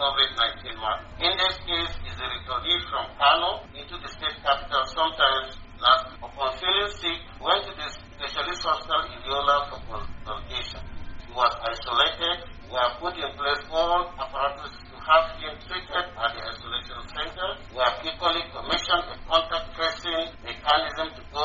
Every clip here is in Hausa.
COVID-19 mask. case is a from Kano into the state capital sometimes last Upon feeling sick, went to the specialist hospital in Yola for consultation. He was isolated. We have put in place all apparatus to have him treated at the isolation center. We have equally commissioned a contact tracing mechanism to go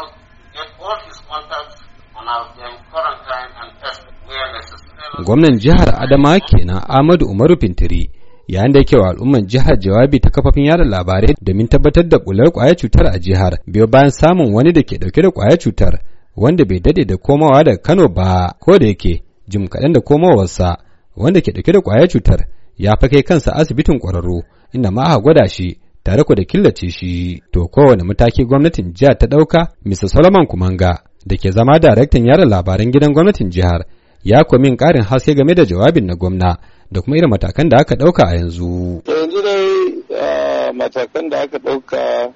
get all his contacts on our quarantine and tested where necessary. Gwamnan jihar Adama kenan Ahmadu Umaru Fintiri. yayin da yake wa al'ummar jihar jawabi ta kafafin yada labarai domin tabbatar da bular kwayar cutar a jihar biyo bayan samun wani da ke dauke da kwayar cutar wanda bai dade da komawa daga Kano ba ko da yake jim kaɗan da komawarsa wanda ke dauke da kwayar cutar ya fakai kansa asibitin ƙwararru inda ma aka gwada shi tare ku da killace shi to kowane mataki gwamnatin jiya ta ɗauka Mr. Solomon Kumanga da ke zama daraktan yada labaran gidan gwamnatin jihar ya komin ƙarin haske game da jawabin na gwamna da kuma irin matakan da aka ɗauka a yanzu. yanzu dai matakan da aka ɗauka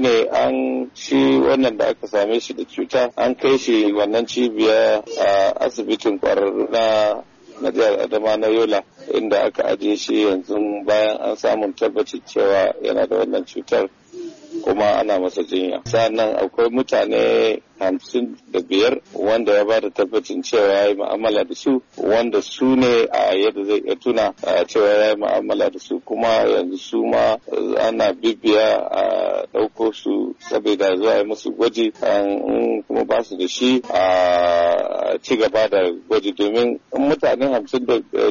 ne an shi wannan da aka same shi da cuta an kai shi wannan cibiya a asibitin kwararru na na jihar adama na yola inda aka ajiye shi yanzu bayan an samun tabbacin cewa yana da wannan cutar kuma ana masa jinya sannan akwai mutane hamsin da biyar wanda ya bada tabbacin cewa ya yi ma'amala da su wanda su ne a yadda zai iya tuna cewa ya yi ma'amala da su kuma yanzu su ma ana bibiya a ɗauko su saboda zuwa yi musu gwaji kuma ba su da shi a ci gaba da gwaji domin mutane hamsin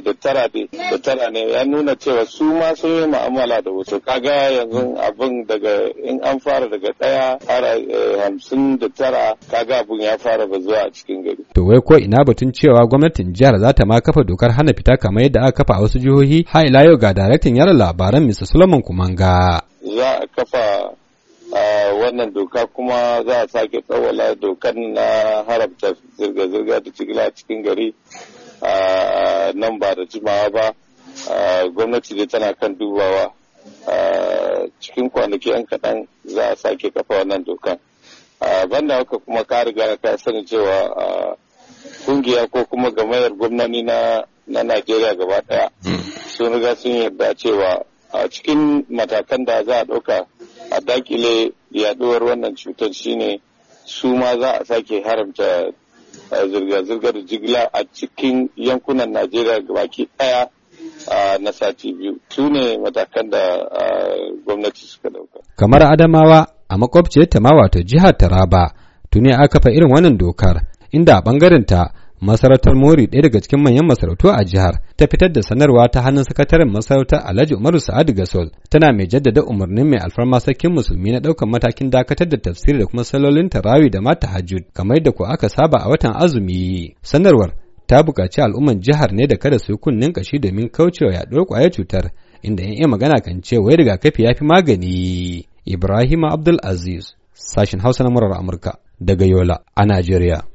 da tara da tara ne ya nuna cewa su ma sun yi ma'amala da wasu kaga yanzu abin daga in an fara daga daya fara eh, hamsin da tara kaga abin ya fara bazuwa a cikin gari. to wai ko ina batun cewa gwamnatin jihar za ta ma kafa dokar hana fita kamar yadda aka kafa a wasu jihohi ha ila yau ga daraktan yara labaran mr solomon kumanga. za a kafa wannan doka kuma za a sake tsawala dokar na haramta zirga-zirga da a cikin gari nan ba da jimawa ba gwamnati da tana kan dubawa cikin kwanaki yan kaɗan za a sake kafa wannan dokan banda haka kuma ka riga ka sani cewa kungiya ko kuma gamayar gwamnani na najeriya gaba ɗaya hmm. sun riga sun yarda cewa a cikin matakan da za a ɗauka a dakile yaduwar wannan cutar shine su ma za a sake haramta zirga-zirgar jigila a cikin yankunan najeriya baki daya na sati biyu su ne matakan da gwamnati suka dauka kamar adamawa a makwabciyar ta wato jihar taraba tuni aka fa irin wannan dokar inda a bangaren ta masarautar mori ɗaya daga cikin manyan masarautu a jihar ta fitar da sanarwa ta hannun sakataren masarautar alhaji umaru sa'adu gasol tana mai jaddada umarnin mai alfarma sarkin musulmi na ɗaukar matakin dakatar da tafsiri da kuma salolin tarawi da mata hajjud kamar da ko aka saba a watan azumi sanarwar ta buƙaci al'umman jihar ne da kada su yi kunnen kashi domin kaucewa yaɗuwar ƙwayar cutar inda 'yan iya magana kan ce wai rigakafi ya fi magani ibrahima abdul aziz sashen hausa na murar amurka daga yola a najeriya